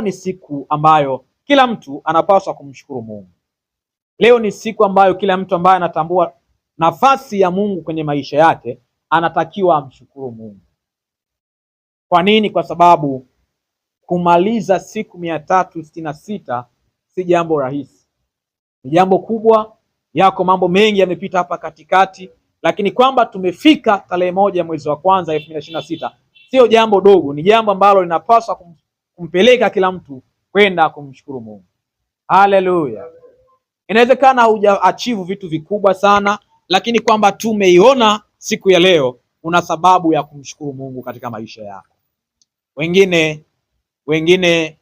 Leo ni siku ambayo kila mtu anapaswa kumshukuru Mungu. Leo ni siku ambayo kila mtu ambaye anatambua nafasi ya Mungu kwenye maisha yake anatakiwa amshukuru Mungu. Kwa nini? Kwa sababu kumaliza siku mia tatu sitini na sita si jambo rahisi, ni jambo kubwa. Yako mambo mengi yamepita hapa katikati, lakini kwamba tumefika tarehe moja mwezi wa kwanza elfu mbili na ishirini na sita sio jambo dogo, ni jambo ambalo linapaswa kumpeleka kila mtu kwenda kumshukuru Mungu. Haleluya! Inawezekana hujaachivu vitu vikubwa sana, lakini kwamba tumeiona siku ya leo, una sababu ya kumshukuru Mungu katika maisha yako. Wengine wengine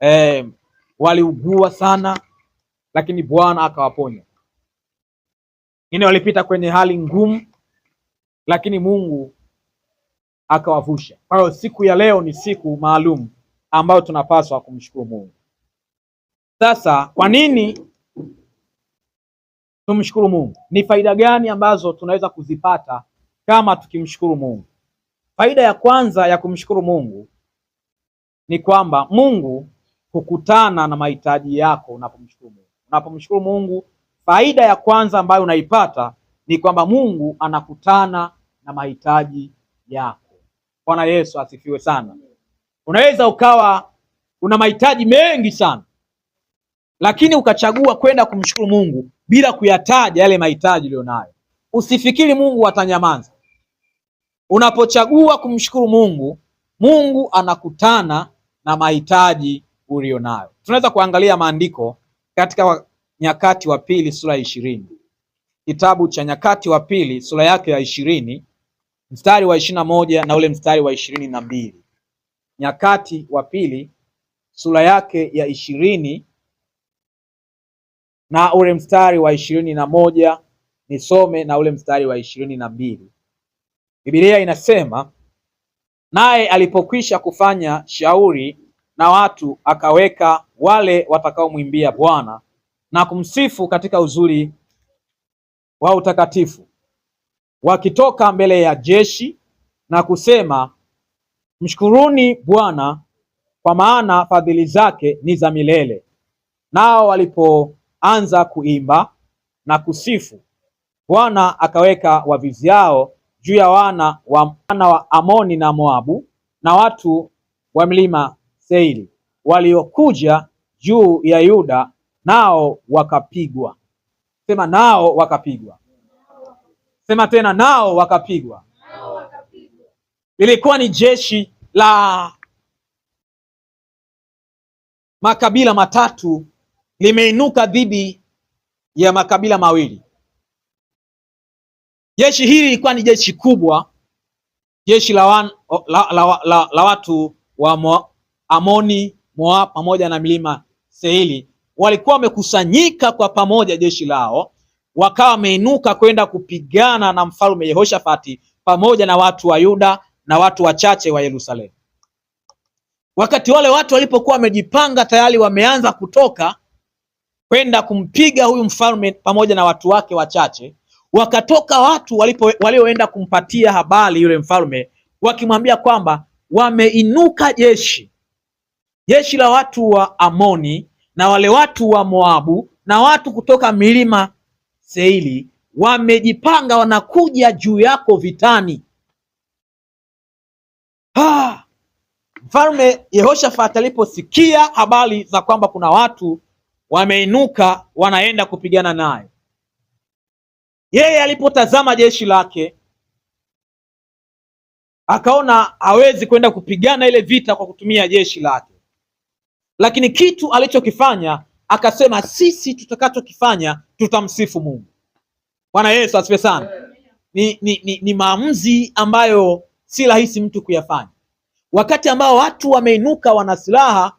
eh, waliugua sana, lakini Bwana akawaponya. Wengine walipita kwenye hali ngumu, lakini Mungu akawavusha. Kwa hiyo siku ya leo ni siku maalum ambayo tunapaswa kumshukuru Mungu. Sasa kwa nini tumshukuru Mungu? Ni faida gani ambazo tunaweza kuzipata kama tukimshukuru Mungu? Faida ya kwanza ya kumshukuru Mungu ni kwamba Mungu hukutana na mahitaji yako unapomshukuru Mungu. Unapomshukuru Mungu, faida ya kwanza ambayo unaipata ni kwamba Mungu anakutana na mahitaji yako. Bwana Yesu asifiwe sana. Unaweza ukawa una mahitaji mengi sana, lakini ukachagua kwenda kumshukuru Mungu bila kuyataja yale mahitaji uliyonayo. Usifikiri Mungu atanyamaza. Unapochagua kumshukuru Mungu, Mungu anakutana na mahitaji ulionayo. Tunaweza kuangalia maandiko katika Nyakati wa Pili sura ya ishirini, kitabu cha Nyakati wa Pili sura yake ya ishirini mstari wa ishirini na moja na ule mstari wa ishirini na mbili Nyakati wa Pili sura yake ya ishirini na ule mstari wa ishirini na moja nisome na ule mstari wa ishirini na mbili Biblia inasema naye alipokwisha kufanya shauri na watu, akaweka wale watakaomwimbia Bwana na kumsifu katika uzuri wa utakatifu, wakitoka mbele ya jeshi na kusema, Mshukuruni Bwana kwa maana fadhili zake ni za milele. Nao walipoanza kuimba na kusifu, Bwana akaweka yao juu ya wana wa, wana wa Amoni na Moabu na watu wa mlima Seiri waliokuja juu ya Yuda, nao wakapigwa. Sema nao wakapigwa. Sema tena nao wakapigwa lilikuwa ni jeshi la makabila matatu limeinuka dhidi ya makabila mawili. Jeshi hili lilikuwa ni jeshi kubwa, jeshi la, wan, la, la, la, la watu wa Mo, Amoni, Moab pamoja na milima seili Walikuwa wamekusanyika kwa pamoja jeshi lao, wakawa wameinuka kwenda kupigana na mfalme Yehoshafati pamoja na watu wa Yuda na watu wachache wa Yerusalemu. Wakati wale watu walipokuwa wamejipanga tayari, wameanza kutoka kwenda kumpiga huyu mfalme pamoja na watu wake wachache, wakatoka watu walipo walioenda kumpatia habari yule mfalme, wakimwambia kwamba wameinuka jeshi, jeshi la watu wa Amoni na wale watu wa Moabu na watu kutoka milima seili wamejipanga wanakuja juu yako vitani. Mfalme yehoshafati aliposikia habari za kwamba kuna watu wameinuka wanaenda kupigana naye, yeye alipotazama jeshi lake akaona hawezi kwenda kupigana ile vita kwa kutumia jeshi lake, lakini kitu alichokifanya akasema, sisi tutakachokifanya tutamsifu Mungu. Bwana Yesu asifiwe sana. Ni, ni, ni, ni maamuzi ambayo si rahisi mtu kuyafanya, wakati ambao watu wameinuka, wana silaha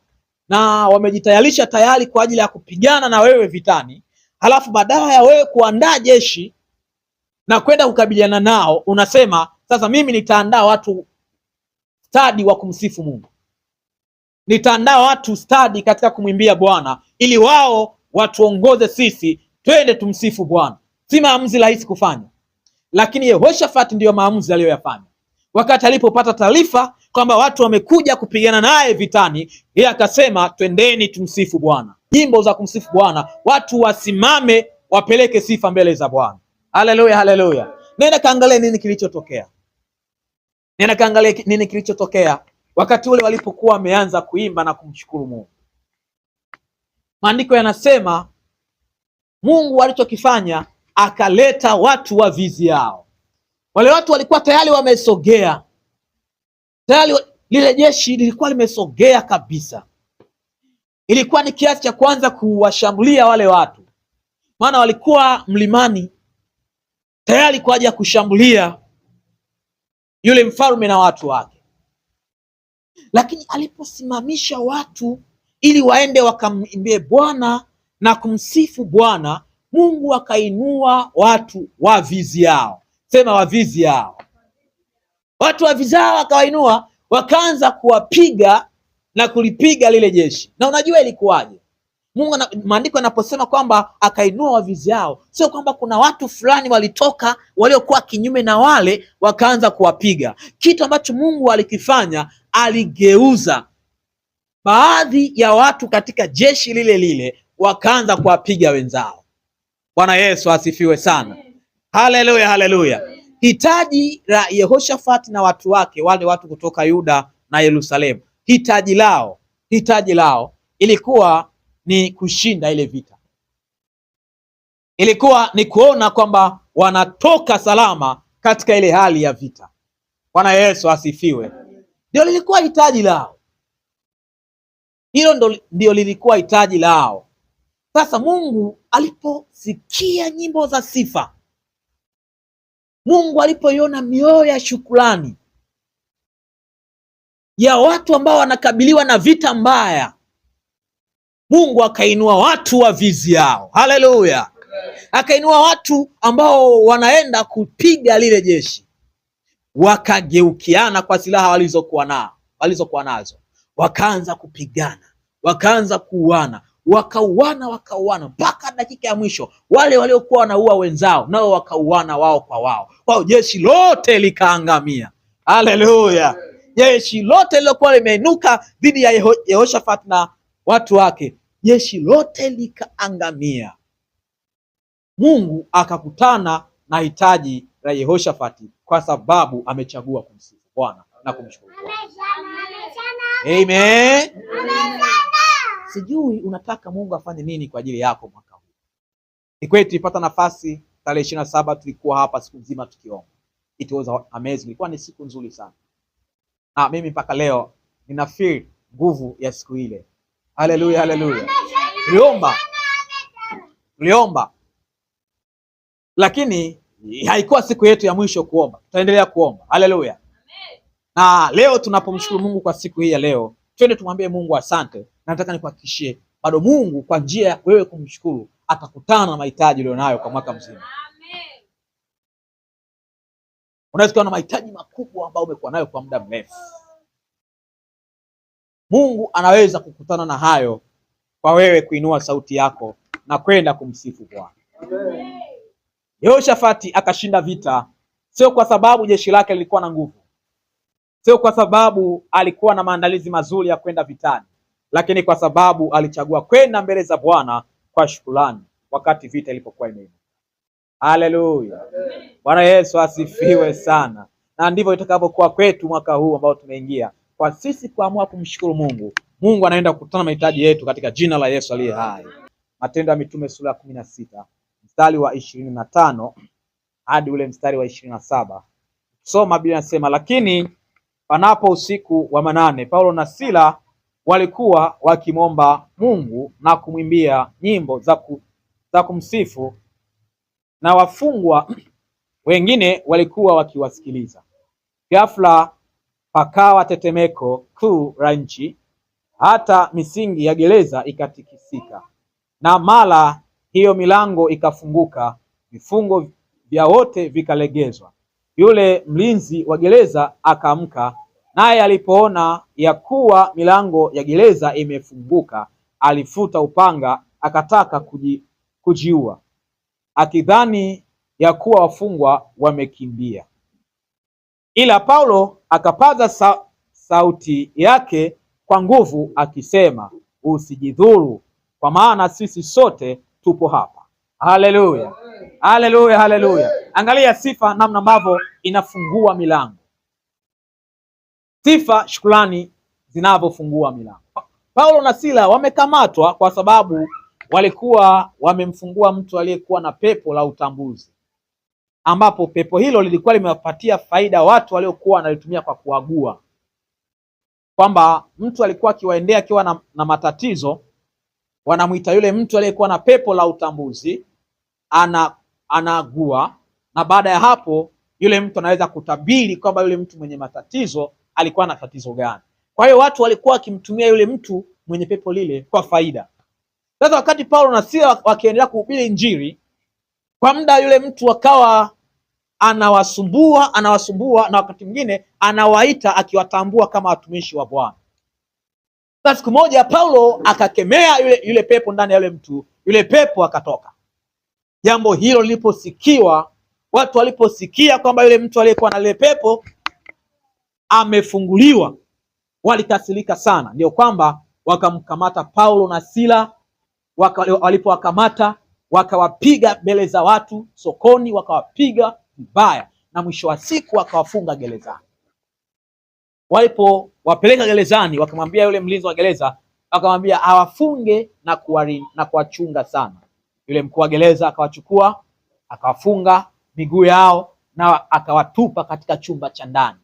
na wamejitayarisha tayari kwa ajili ya kupigana na wewe vitani, halafu badala ya wewe kuandaa jeshi na kwenda kukabiliana nao, unasema sasa mimi nitaandaa watu stadi wa kumsifu Mungu, nitaandaa watu stadi katika kumwimbia Bwana ili wao watuongoze sisi, twende tumsifu Bwana. Si maamuzi rahisi kufanya, lakini Yehoshafati ndiyo maamuzi aliyoyafanya. Wakati alipopata taarifa kwamba watu wamekuja kupigana naye vitani, yeye akasema twendeni tumsifu Bwana, nyimbo za kumsifu Bwana, watu wasimame wapeleke sifa mbele za Bwana. Haleluya, haleluya. Nenda kaangalia nini kilichotokea, nenda kaangalia nini kilichotokea wakati ule walipokuwa wameanza kuimba na kumshukuru Mungu. Maandiko yanasema Mungu alichokifanya akaleta watu wavizi yao wale watu walikuwa tayari wamesogea tayari, lile jeshi lilikuwa limesogea kabisa. Ilikuwa ni kiasi cha kwanza kuwashambulia wale watu, maana walikuwa mlimani tayari kwa ajili ya kushambulia yule mfalme na watu wake, lakini aliposimamisha watu ili waende wakamimbie Bwana na kumsifu Bwana Mungu, akainua watu wavizi yao sema wavizi hao. Watu wavizi hao wakawainua, wakaanza kuwapiga na kulipiga lile jeshi. Na unajua ilikuwaje? Mungu na, maandiko yanaposema kwamba akainua wavizi hao, sio kwamba kuna watu fulani walitoka waliokuwa kinyume na wale wakaanza kuwapiga. Kitu ambacho Mungu alikifanya, aligeuza baadhi ya watu katika jeshi lile lile, wakaanza kuwapiga wenzao. Bwana Yesu asifiwe sana. Haleluya, haleluya. Hitaji la Yehoshafati na watu wake, wale watu kutoka Yuda na Yerusalemu, hitaji lao, hitaji lao ilikuwa ni kushinda ile vita, ilikuwa ni kuona kwamba wanatoka salama katika ile hali ya vita. Bwana Yesu asifiwe. Ndio lilikuwa hitaji lao, hilo ndio lilikuwa hitaji lao. Sasa Mungu aliposikia nyimbo za sifa Mungu alipoiona mioyo ya shukrani ya watu ambao wanakabiliwa na vita mbaya, Mungu akainua watu wa vizi yao. Haleluya! Akainua watu ambao wanaenda kupiga lile jeshi, wakageukiana kwa silaha walizokuwa na walizokuwa nazo, wakaanza kupigana, wakaanza kuuana, wakauana wakauana mpaka dakika ya mwisho. Wale waliokuwa wanaua wenzao nao wakauana wao kwa wao, kwao jeshi lote likaangamia. Haleluya! jeshi lote lilokuwa limeinuka dhidi ya Yehoshafat na watu wake, jeshi lote likaangamia. Mungu akakutana na hitaji la Yehoshafati kwa sababu amechagua kumsifu Bwana na kumshukuru Bwana. Amen. Amen. Amen. Amen sijui unataka Mungu afanye nini kwa ajili yako mwaka huu. Ni kweli tulipata nafasi tarehe ishirini na saba tulikuwa hapa siku nzima tukiomba. It was amazing. Ilikuwa ni siku nzuri sana. Na mimi mpaka leo nina feel nguvu ya siku ile. Haleluya, haleluya. Tuliomba. Tuliomba. Lakini haikuwa siku yetu ya mwisho kuomba. Tutaendelea kuomba. Haleluya. Na leo tunapomshukuru Mungu kwa siku hii ya leo, twende tumwambie Mungu asante nataka nikuhakikishie bado Mungu kwa njia ya wewe kumshukuru atakutana na mahitaji ulionayo kwa mwaka mzima. Unaweza kuwa na mahitaji makubwa ambayo umekuwa nayo kwa muda mrefu. Mungu anaweza kukutana na hayo kwa wewe kuinua sauti yako na kwenda kumsifu Bwana. Yehoshafati akashinda vita, sio kwa sababu jeshi lake lilikuwa na nguvu, sio kwa sababu alikuwa na maandalizi mazuri ya kwenda vitani, lakini kwa sababu alichagua kwenda mbele za Bwana kwa shukrani wakati vita ilipokuwa imeinuka. Haleluya, Bwana Yesu asifiwe sana. Na ndivyo itakavyokuwa kwetu mwaka huu ambao tumeingia, kwa sisi kuamua kumshukuru Mungu. Mungu anaenda kukutana mahitaji yetu katika jina la Yesu aliye hai. Matendo ya Mitume sura ya kumi na sita mstari wa ishirini na tano hadi ule mstari wa ishirini na saba soma Biblia inasema, lakini panapo usiku wa manane Paulo na Sila walikuwa wakimwomba Mungu na kumwimbia nyimbo za, ku, za kumsifu na wafungwa wengine walikuwa wakiwasikiliza. Ghafla pakawa tetemeko kuu la nchi, hata misingi ya gereza ikatikisika, na mara hiyo milango ikafunguka, vifungo vya wote vikalegezwa. Yule mlinzi wa gereza akaamka Naye alipoona ya kuwa milango ya gereza imefunguka, alifuta upanga akataka kuji, kujiua akidhani ya kuwa wafungwa wamekimbia. Ila Paulo akapaza sa, sauti yake kwa nguvu akisema, usijidhuru, kwa maana sisi sote tupo hapa. Haleluya, haleluya, haleluya! Angalia sifa namna ambavyo inafungua milango Sifa, shukrani zinavyofungua milango. Paulo na Sila wamekamatwa kwa sababu walikuwa wamemfungua mtu aliyekuwa na pepo la utambuzi, ambapo pepo hilo lilikuwa limewapatia faida watu waliokuwa wanalitumia kwa kuagua, kwamba mtu alikuwa akiwaendea akiwa na, na matatizo, wanamwita yule mtu aliyekuwa na pepo la utambuzi ana, anaagua, na baada ya hapo yule mtu anaweza kutabiri kwamba yule mtu mwenye matatizo alikuwa na tatizo gani. Kwa hiyo watu walikuwa wakimtumia yule mtu mwenye pepo lile kwa faida. Sasa wakati Paulo na Sila wakiendelea kuhubiri Injili kwa muda, yule mtu akawa anawasumbua anawasumbua, na wakati mwingine anawaita akiwatambua kama watumishi wa Bwana. Sasa siku moja Paulo akakemea yule, yule pepo ndani ya yule mtu, yule pepo akatoka. Jambo hilo liliposikiwa, watu waliposikia kwamba yule mtu aliyekuwa na lile pepo amefunguliwa. Walikasirika sana, ndio kwamba wakamkamata Paulo na Sila. Walipowakamata wakawapiga mbele za watu sokoni, wakawapiga vibaya, na mwisho wa siku wakawafunga gerezani. Walipowapeleka gerezani, wakamwambia yule mlinzi wa gereza, wakamwambia awafunge na kuwari, na kuwachunga sana. Yule mkuu wa gereza akawachukua akawafunga miguu yao na akawatupa katika chumba cha ndani.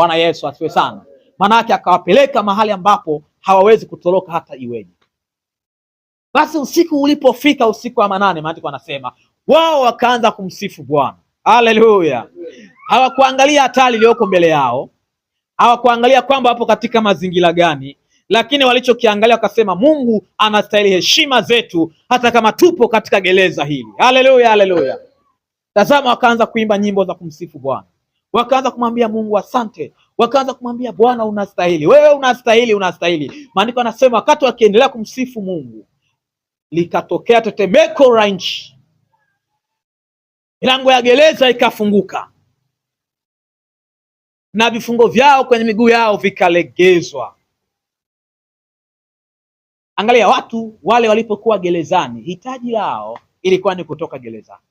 Bwana Yesu asifiwe sana. Maanake akawapeleka mahali ambapo hawawezi kutoroka hata iweje. Basi usiku ulipofika, usiku wa manane, maandiko anasema wao wakaanza kumsifu Bwana. Haleluya! Hawakuangalia hatari iliyoko mbele yao, hawakuangalia kwamba wapo katika mazingira gani, lakini walichokiangalia wakasema, Mungu anastahili heshima zetu, hata kama tupo katika gereza hili. Haleluya, haleluya! Tazama, wakaanza kuimba nyimbo za kumsifu Bwana wakaanza kumwambia Mungu asante, wakaanza kumwambia Bwana unastahili, wewe unastahili, unastahili. Maandiko anasema wakati wakiendelea kumsifu Mungu, likatokea tetemeko la nchi, milango ya gereza ikafunguka na vifungo vyao kwenye miguu yao vikalegezwa. Angalia, watu wale walipokuwa gerezani, hitaji lao ilikuwa ni kutoka gerezani,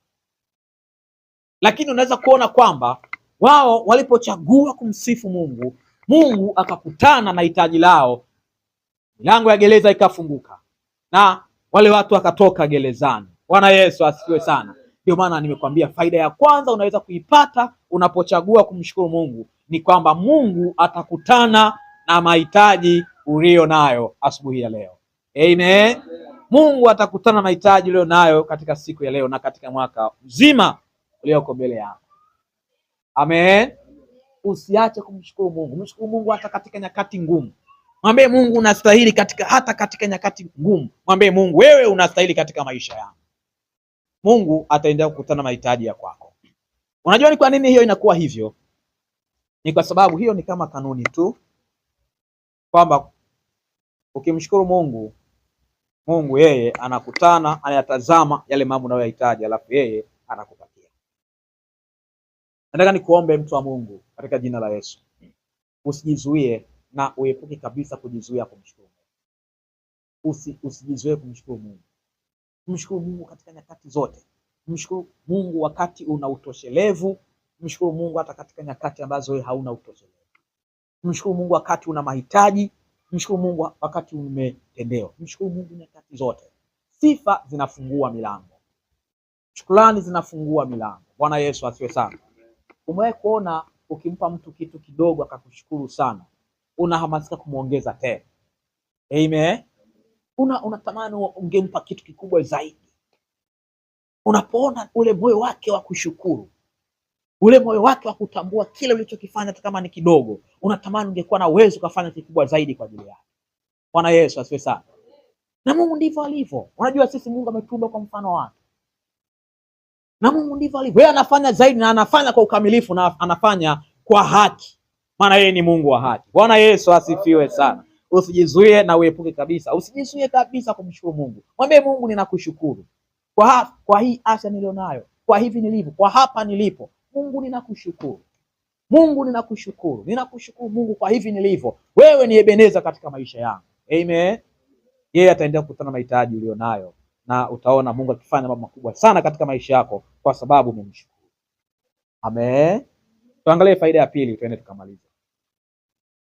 lakini unaweza kuona kwamba wao walipochagua kumsifu Mungu, Mungu akakutana na hitaji lao, milango ya gereza ikafunguka na wale watu wakatoka gerezani. Bwana Yesu asifiwe sana. Ndio maana nimekwambia faida ya kwanza unaweza kuipata unapochagua kumshukuru Mungu ni kwamba Mungu atakutana na mahitaji uliyo nayo asubuhi ya leo. Amen. Mungu atakutana na mahitaji uliyo nayo katika siku ya leo na katika mwaka mzima ulioko mbele yako. Amen. Usiache kumshukuru Mungu, mshukuru Mungu hata katika nyakati ngumu. Mwambie Mungu unastahili katika, hata katika nyakati ngumu. Mwambie Mungu, wewe unastahili katika maisha yangu. Mungu ataendelea kukutana mahitaji ya kwako. Unajua ni kwa nini hiyo inakuwa hivyo? Ni kwa sababu hiyo ni kama kanuni tu kwamba ukimshukuru Mungu, Mungu yeye anakutana, anayatazama yale mambo unayoyahitaji, alafu yeye anakupa. Nataka nikuombe mtu wa Mungu katika jina la Yesu, usijizuie na uepuke kabisa kujizuia kumshukuru Mungu. Usi, usijizuie kumshukuru Mungu. Mshukuru Mungu katika nyakati zote. Mshukuru Mungu wakati una utoshelevu, mshukuru Mungu hata katika nyakati ambazo wewe hauna utoshelevu. Mshukuru Mungu wakati una mahitaji, mshukuru Mungu wakati umetendewa. Mshukuru Mungu nyakati zote. Sifa zinafungua milango, shukrani zinafungua milango. Bwana Yesu asiwe sana. Umewahi kuona ukimpa mtu kitu kidogo akakushukuru sana, unahamasika kumwongeza tena? Amen. Una unatamani ungempa kitu kikubwa zaidi. Unapoona ule moyo wake wa kushukuru, ule moyo wake wa kutambua kile ulichokifanya, hata kama ni kidogo, unatamani ungekuwa na uwezo ukafanya kikubwa zaidi kwa ajili yake. Bwana Yesu asifiwe sana. Na Mungu ndivyo alivyo. Unajua sisi Mungu ametuumba kwa mfano wake na Mungu ndivyo alivyo. Yeye anafanya zaidi na anafanya kwa ukamilifu na anafanya kwa haki, maana yeye ni Mungu wa haki. Bwana Yesu asifiwe sana. Usijizuie na uepuke kabisa, usijizuie kabisa kumshukuru Mungu. Mwambie Mungu, ninakushukuru kwa, ha kwa hii afya nilionayo, kwa hivi nilivyo, kwa hapa nilipo. Mungu ninakushukuru, Mungu ninakushukuru, ninakushukuru Mungu kwa hivi nilivyo. Wewe ni Ebeneza katika maisha yangu. Amen. Yeye ataendelea kukutana mahitaji ulionayo na utaona Mungu akifanya mambo makubwa sana katika maisha yako kwa sababu umemshukuru. Amen. Tuangalie faida ya pili, tuende tukamaliza.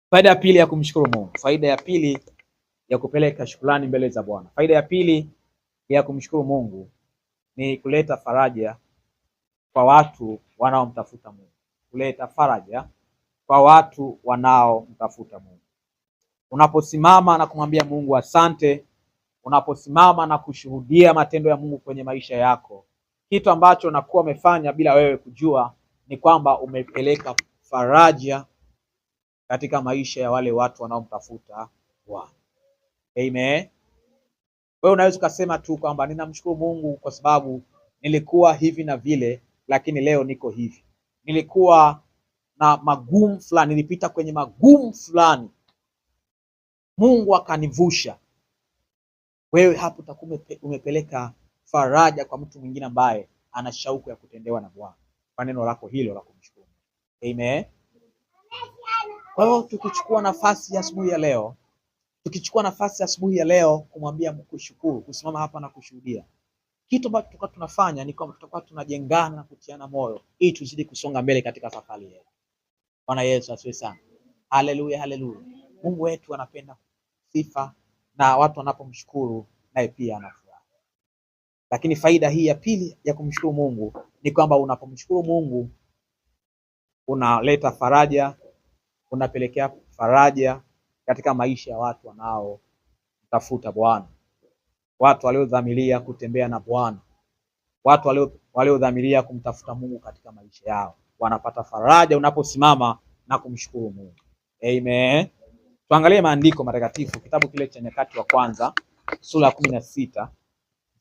Faida ya pili ya kumshukuru Mungu, faida ya pili ya kupeleka shukrani mbele za Bwana, faida ya pili ya kumshukuru Mungu ni kuleta faraja kwa watu wanaomtafuta Mungu, kuleta faraja kwa watu wanaomtafuta Mungu. Unaposimama na kumwambia Mungu asante unaposimama na kushuhudia matendo ya Mungu kwenye maisha yako. Kitu ambacho unakuwa umefanya bila wewe kujua ni kwamba umepeleka faraja katika maisha ya wale watu wanaomtafuta Bwana. Amen. Wewe unaweza ukasema tu kwamba ninamshukuru Mungu kwa sababu nilikuwa hivi na vile, lakini leo niko hivi. Nilikuwa na magumu fulani, nilipita kwenye magumu fulani, Mungu akanivusha wewe hapo utakuwa umepeleka faraja kwa mtu mwingine ambaye ana shauku ya kutendewa na Bwana kwa neno lako hilo la kumshukuru. Amen. Kwa hiyo tukichukua nafasi ya asubuhi ya leo, tukichukua nafasi ya asubuhi ya leo kumwambia kushukuru, kusimama hapa na kushuhudia kitu ambacho tutakuwa tunafanya ni kwamba tutakuwa tunajengana na kutiana moyo ili tuzidi kusonga mbele katika safari yetu. Bwana Yesu asifiwe sana. Haleluya, haleluya. Mungu wetu anapenda sifa na watu wanapomshukuru naye pia anafurahi. Lakini faida hii ya pili ya kumshukuru Mungu ni kwamba unapomshukuru Mungu unaleta faraja, unapelekea faraja katika maisha ya watu wanaomtafuta Bwana, watu waliodhamiria kutembea na Bwana, watu waliodhamiria kumtafuta Mungu katika maisha yao wanapata faraja unaposimama na kumshukuru Mungu. Amen. Tuangalie maandiko matakatifu, kitabu kile cha Nyakati wa Kwanza sura ya kumi na sita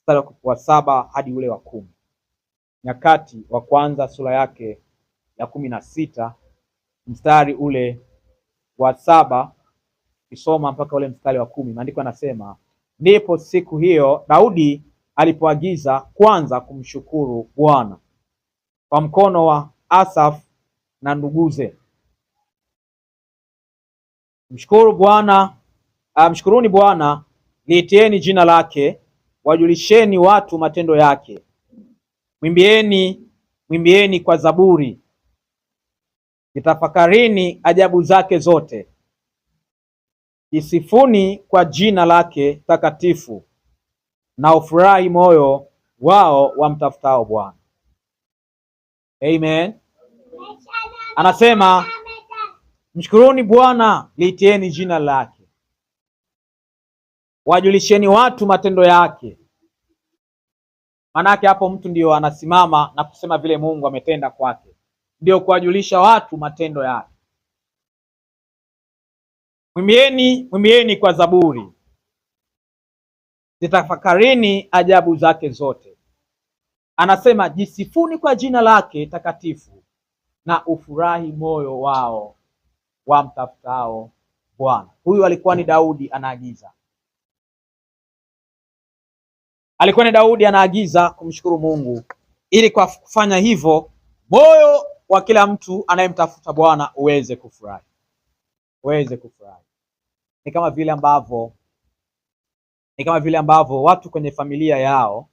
mstari wa saba hadi ule wa kumi. Nyakati wa Kwanza sura yake ya kumi na sita mstari ule wa saba kisoma mpaka ule mstari wa kumi, maandiko yanasema ndipo siku hiyo Daudi alipoagiza kwanza kumshukuru Bwana kwa mkono wa Asaf na nduguze Mshukuru Bwana, ah, mshukuruni Bwana, liitieni jina lake, wajulisheni watu matendo yake. Mwimbieni, mwimbieni kwa zaburi, itafakarini ajabu zake zote, isifuni kwa jina lake takatifu, na ufurahi moyo wao wamtafutao Bwana. Amen. Anasema Mshukuruni Bwana, liitieni jina lake, wajulisheni watu matendo yake. Manake hapo mtu ndiyo anasimama na kusema vile Mungu ametenda kwake, ndiyo kuwajulisha watu matendo yake. Mwimbieni, mwimbieni kwa zaburi, zitafakarini ajabu zake zote. Anasema jisifuni kwa jina lake takatifu, na ufurahi moyo wao wamtafutao Bwana. Huyu alikuwa ni Daudi anaagiza, alikuwa ni Daudi anaagiza kumshukuru Mungu, ili kwa kufanya hivyo moyo wa kila mtu anayemtafuta Bwana uweze kufurahi, uweze kufurahi. Ni kama vile ambavyo ni kama vile ambavyo watu kwenye familia yao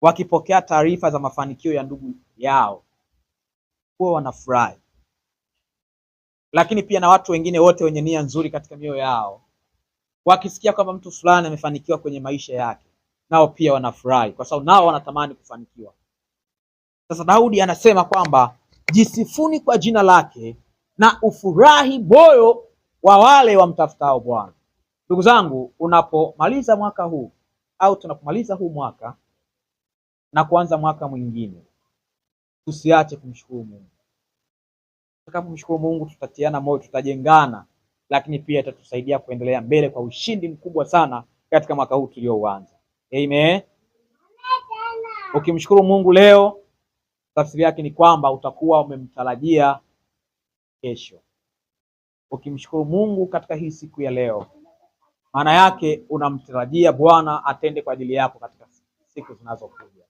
wakipokea taarifa za mafanikio ya ndugu yao huwa wanafurahi lakini pia na watu wengine wote wenye nia nzuri katika mioyo yao, wakisikia kwamba mtu fulani amefanikiwa kwenye maisha yake, nao pia wanafurahi, kwa sababu nao wanatamani kufanikiwa. Sasa Daudi anasema kwamba jisifuni kwa jina lake na ufurahi moyo wa wale wamtafutao Bwana. Ndugu zangu, unapomaliza mwaka huu au tunapomaliza huu mwaka na kuanza mwaka mwingine, tusiache kumshukuru Mungu. Tutakapomshukuru Mungu tutatiana moyo, tutajengana, lakini pia itatusaidia kuendelea mbele kwa ushindi mkubwa sana katika mwaka huu tulioanza. Amen. Ukimshukuru Mungu leo, tafsiri yake ni kwamba utakuwa umemtarajia kesho. Ukimshukuru Mungu katika hii siku ya leo, maana yake unamtarajia Bwana atende kwa ajili yako katika siku zinazokuja.